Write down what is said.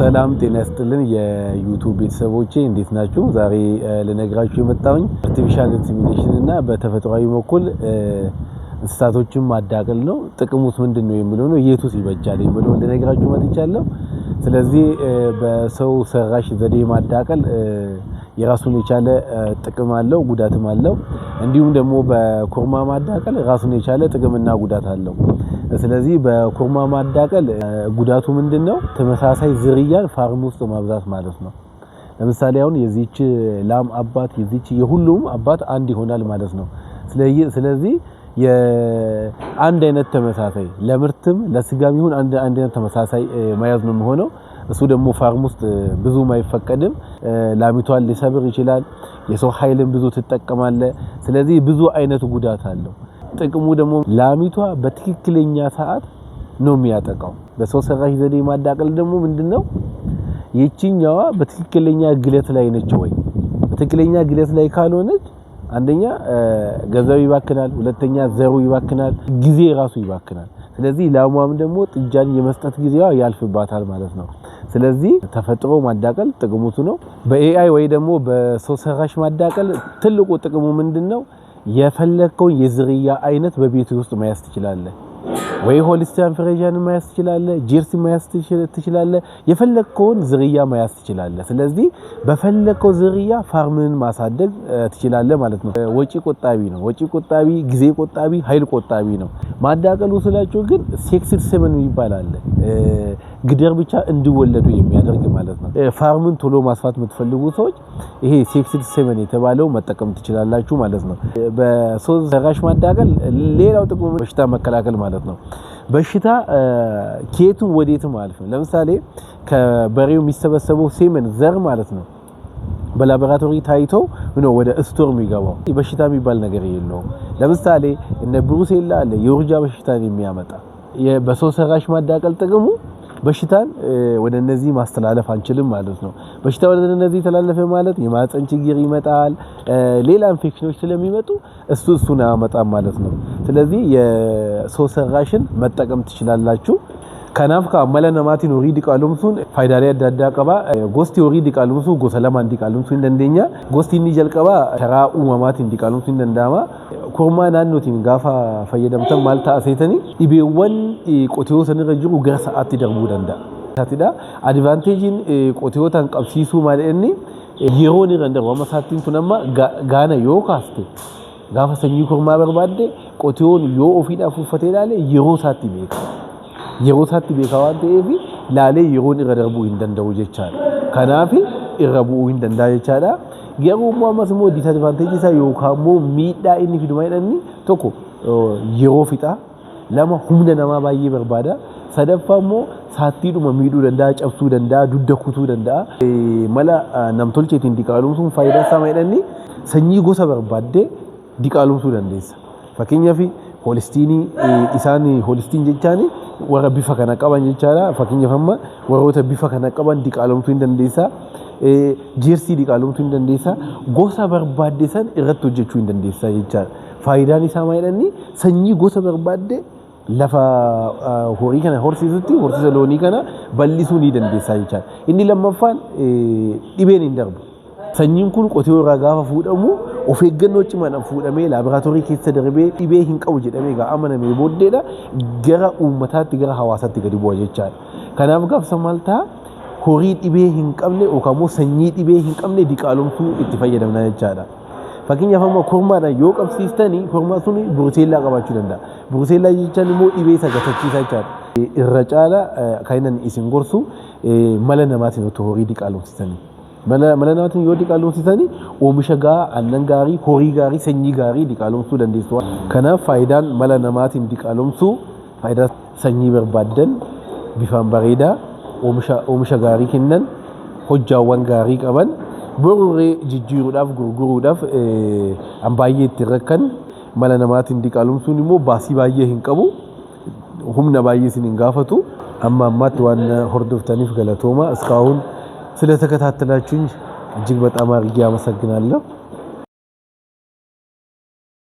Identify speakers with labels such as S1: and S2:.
S1: ሰላም ጤና ያስጥልን የዩቱብ ቤተሰቦቼ እንዴት ናችሁ? ዛሬ ልነግራችሁ የመጣሁኝ አርቲፊሻል ኢንሴሚኔሽን እና በተፈጥሯዊ በኩል እንስሳቶችን ማዳቀል ነው። ጥቅሙስ ምንድን ነው የሚለው ነው፣ የቱስ ይበጃል የሚለው ልነግራችሁ መጥቻለሁ። ስለዚህ በሰው ሰራሽ ዘዴ ማዳቀል የራሱን የቻለ ጥቅም አለው፣ ጉዳትም አለው። እንዲሁም ደግሞ በኮርማ ማዳቀል ራሱን የቻለ ጥቅምና ጉዳት አለው። ስለዚህ በኩርማ ማዳቀል ጉዳቱ ምንድን ነው? ተመሳሳይ ዝርያን ፋርም ውስጥ ማብዛት ማለት ነው። ለምሳሌ አሁን የዚች ላም አባት የዚች የሁሉም አባት አንድ ይሆናል ማለት ነው። ስለዚህ የአንድ አይነት ተመሳሳይ ለምርትም ለስጋም ይሁን አንድ አይነት ተመሳሳይ መያዝ ነው የሚሆነው። እሱ ደግሞ ፋርም ውስጥ ብዙም አይፈቀድም። ላሚቷን ሊሰብር ይችላል። የሰው ኃይልን ብዙ ትጠቀማለ። ስለዚህ ብዙ አይነት ጉዳት አለው። ጥቅሙ ደግሞ ላሚቷ በትክክለኛ ሰዓት ነው የሚያጠቃው። በሰው ሰራሽ ዘዴ ማዳቀል ደግሞ ምንድነው የችኛዋ በትክክለኛ ግለት ላይ ነች ወይ? በትክክለኛ ግለት ላይ ካልሆነች አንደኛ ገንዘብ ይባክናል፣ ሁለተኛ ዘሩ ይባክናል፣ ጊዜ ራሱ ይባክናል። ስለዚህ ላሟም ደግሞ ጥጃን የመስጠት ጊዜዋ ያልፍባታል ማለት ነው። ስለዚህ ተፈጥሮ ማዳቀል ጥቅሙቱ ነው። በኤአይ ወይ ደግሞ በሰው ሰራሽ ማዳቀል ትልቁ ጥቅሙ ምንድን ነው? የፈለግከውን የዝርያ አይነት በቤት ውስጥ መያዝ ትችላለህ። ወይ ሆሊስቲያን ፍሬዣን መያዝ ትችላለህ፣ ጂርሲ መያዝ ትችላለህ፣ የፈለግከውን ዝርያ መያዝ ትችላለህ። ስለዚህ በፈለግከው ዝርያ ፋርምን ማሳደግ ትችላለህ ማለት ነው። ወጪ ቆጣቢ ነው። ወጪ ቆጣቢ፣ ጊዜ ቆጣቢ፣ ኃይል ቆጣቢ ነው። ማዳቀሉ ስላችሁ ግን ሴክስድ ሴመን ይባላል። ግደር ብቻ እንዲወለዱ የሚያደርግ ማለት ነው። ፋርምን ቶሎ ማስፋት የምትፈልጉ ሰዎች ይሄ ሴክስድ የተባለው መጠቀም ትችላላችሁ ማለት ነው። በሰው ሰራሽ ማዳቀል ሌላው ጥቅሙ በሽታ መከላከል ማለት ነው። በሽታ ኬቱን ወዴትም ማለት ነው። ለምሳሌ ከበሬው የሚሰበሰበው ሴመን ዘር ማለት ነው በላቦራቶሪ ታይቶ ነው ወደ ስቶር የሚገባው። በሽታ የሚባል ነገር የለውም። ለምሳሌ እነ ብሩሴላ አለ የውርጃ በሽታን የሚያመጣ በሰው ሰራሽ ማዳቀል ጥቅሙ በሽታን ወደ እነዚህ ማስተላለፍ አንችልም ማለት ነው። በሽታ ወደ እነዚህ ተላለፈ ማለት የማህፀን ችግር ይመጣል፣ ሌላ ኢንፌክሽኖች ስለሚመጡ እሱ እሱን አያመጣም ማለት ነው። ስለዚህ የሰው ሰራሽን መጠቀም ትችላላችሁ። Kanaaf amala namaatiin horii diqaalomsuun faayidaalee adda addaa qaba. Gosti horii diqaalomsuu gosa lamaan diqaalomsuu hin dandeenya. Gosti inni jalqabaa karaa uumamaatiin diqaalomsuu hin danda'ama. Kormaa naannootiin gaafa fayyadamtan maal ta'a seetanii dhibeewwan qotiyoo sanirra jiru gara sa'aatti darbuu danda'a. Advaanteejiin qotiyootaan qabsiisuu maal inni yeroon irra hin darbu amma sa'aattiin kun amma gaana yoo kaaste gaafa sanyii kormaa barbaadde qotiyoon yoo ofiidhaaf uffate ilaale yeroo isaatti beeka. yerootatti beekawaa ta'eef laalee yeroon irra darbuu hin danda'u jechaadha. Kanaaf irra bu'uu hin danda'a jechaadha. Garuu immoo ammas immoo disadvanteejii isaa yookaan immoo miidhaa inni fiduma jedhamni tokko yeroo fixaa lama humna namaa baay'ee barbaada sadaffaa immoo saattiidhuma miidhuu danda'a cabsuu danda'a dudda kutuu danda'a. Mala namtolcheetiin diqaalomsuun faayidaan isaa jedhamni sanyii gosa barbaaddee diqaalomsuu dandeessa. Fakkeenyaaf hoolistiinii isaan hoolistiini jechaan warra bifa kana qaban jechaadha. Fakkeenyaaf amma warroota bifa kana qaban diqaalomtuu hin dandeessaa. Jeersii diqaalomtuu hin dandeessaa. Gosa barbaadde san irratti hojjechuu hin dandeessaa jechaadha. Faayidaan isaa maal sanyii gosa barbaadde lafa horii kana horsiisutti horsiisa loonii kana bal'isuu ni dandeessaa jechaadha. Inni lammaffaan dhibeen hin darbu. Sanyiin kun qotee irraa gaafa fuudhamu of eeggannoo cimaan fuudhamee laaboraatoorii keessa darbee dhibee hin qabu jedhamee egaa amanamee booddeedha gara uummataatti gara hawaasaatti gadi bu'a jechaadha. Kanaaf gaafsa maal ta'a horii dhibee hin qabne yookaan immoo sanyii dhibee hin qabne diqaalomtuu itti fayyadamna jechaadha. Fakkeenyaaf amma kormaadhaan yoo qabsiistanii kormaa sun buruseellaa qabaachuu danda'a. Buruseellaa jechaan immoo dhibee isa gasachiisaa jechaadha. Irra caala kan isin gorsu mala namaatiin otoo horii diqaalomsitanii. Mana mana namaatiin yoo diqaalomsi isaanii oomisha gahaa aannan gaarii horii gaarii sanyii gaarii diqaalomsuu dandeessu. Kanaaf faayidaan mala namaatiin diqaalomsuu faayidaa sanyii barbaaddan bifaan bareedaa oomisha gaarii kennan hojjaawwan gaarii qaban boruree jijjiiruudhaaf gurguruudhaaf an baay'ee ittiin rakkan mala namaatiin diqaalomsuun immoo baasii baay'ee hin qabu humna baay'ee isin hin gaafatu amma ammaatti waan hordoftaniif galatooma iskaahun. ስለተከታተላችሁኝ እጅግ በጣም አድርጌ አመሰግናለሁ።